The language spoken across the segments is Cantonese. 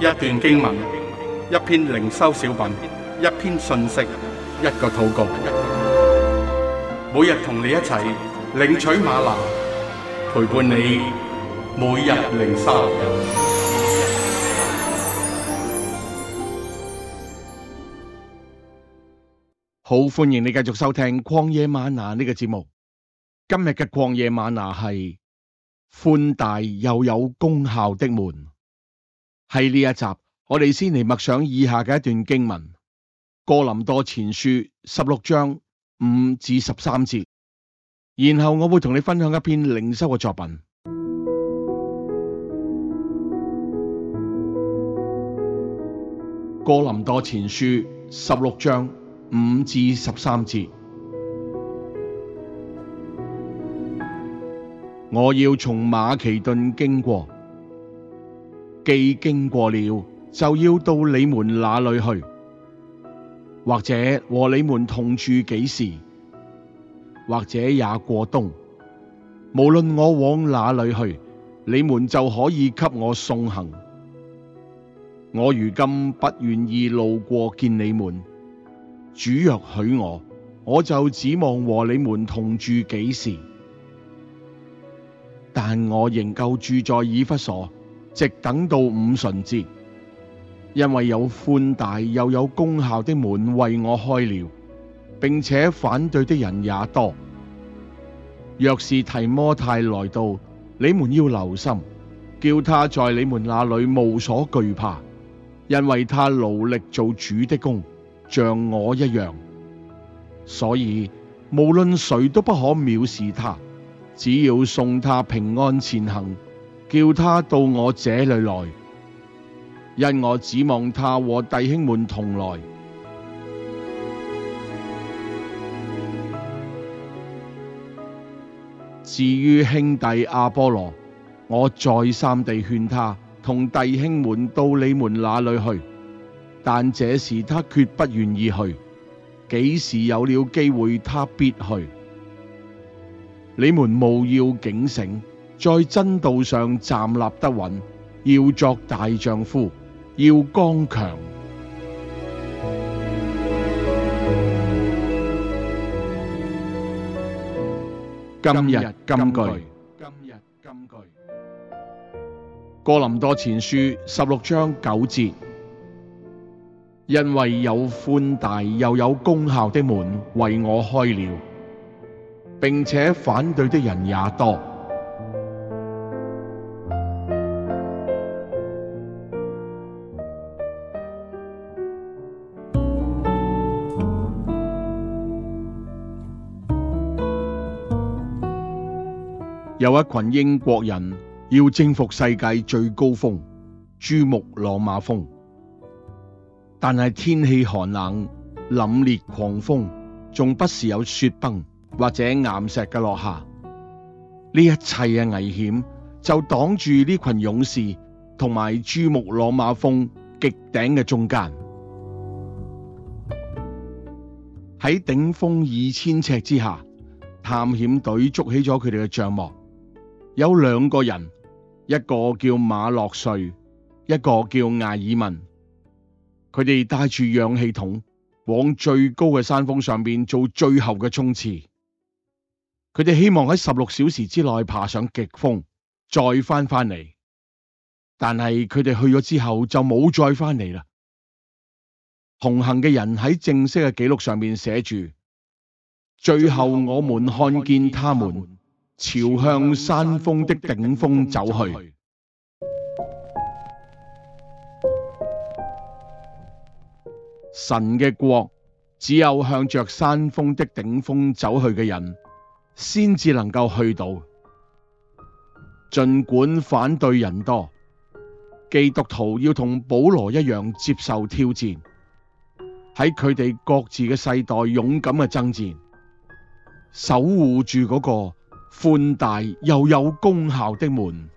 一段經文，一篇靈修小品，一篇信息，一個禱告。每日同你一齊領取嗎哪，陪伴你每日靈修。好，歡迎你繼續收聽曠野嗎哪呢個節目。今日嘅曠野嗎哪係寬大又有功效的門。喺呢一集，我哋先嚟默想以下嘅一段經文：《哥林多前書》十六章五至十三節。然後我會同你分享一篇靈修嘅作品，《哥林多前書》十六章五至十三節。我要從馬其頓經過。既經過了，就要到你們那裏去，或者和你們同住幾時，或者也過冬。無論我往哪裏去，你們就可以給我送行。我如今不願意路過見你們，主若許我，我就指望和你們同住幾時。但我仍舊住在以弗所。直等到五旬節，因為有寬大又有功效的門為我開了，並且反對的人也多。若是提摩太來到，你們要留心，叫他在你們那裏無所懼怕，因為他勞力做主的工，像我一樣。所以無論誰都不可藐視他，只要送他平安前行。叫他到我這裏來，因我指望他和弟兄們同來。至於兄弟阿波羅，我再三地勸他同弟兄們到你們那裏去，但這時他決不願意去。幾時有了機會，他必去。你們務要警醒。在真道上站立得穩，要作大丈夫，要剛強。今日金句，今日金句，哥林多前書十六章九節，因為有寬大又有功效的門為我開了，並且反對的人也多。有一群英國人要征服世界最高峰珠穆朗瑪峰，但係天氣寒冷、凜冽狂風，仲不時有雪崩或者岩石嘅落下。呢一切嘅危險就擋住呢群勇士同埋珠穆朗瑪峰極頂嘅中間。喺頂峰二千尺之下，探險隊築起咗佢哋嘅帳幕。有兩個人，一個叫馬洛瑞，一個叫艾爾文。佢哋帶住氧氣筒，往最高嘅山峰上邊做最後嘅衝刺。佢哋希望喺十六小時之內爬上極峰，再翻翻嚟。但係佢哋去咗之後就冇再翻嚟啦。同行嘅人喺正式嘅記錄上面寫住：「最後我們看見他們。」朝向山峰的頂峰走去。神嘅國只有向着山峰的頂峰走去嘅人，先至能夠去到。盡管反對人多，基督徒要同保羅一樣接受挑戰，喺佢哋各自嘅世代勇敢嘅爭戰，守護住嗰個。寬大又有功效的門。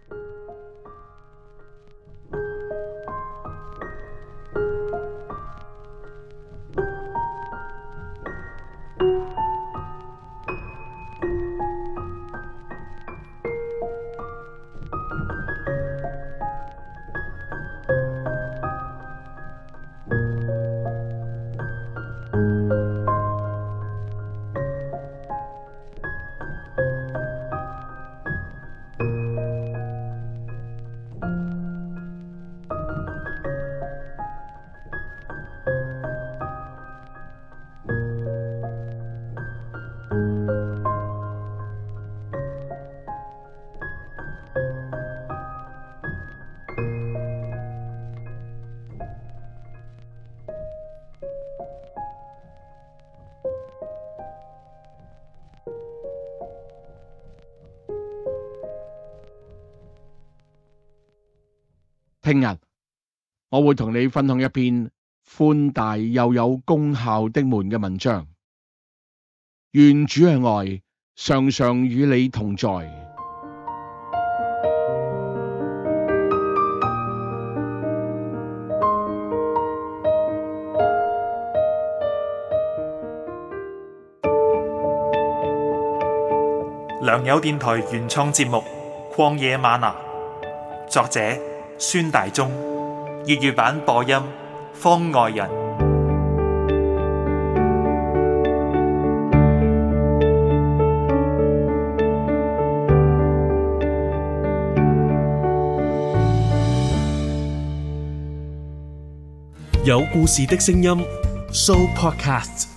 聽日我會同你分享一篇寬大又有功效的門嘅文章。願主嘅愛常常與你同在。良友電台原創節目《曠野嗎哪》，作者。孫大中粵語版播音，方外人。有故事的聲音 show podcast。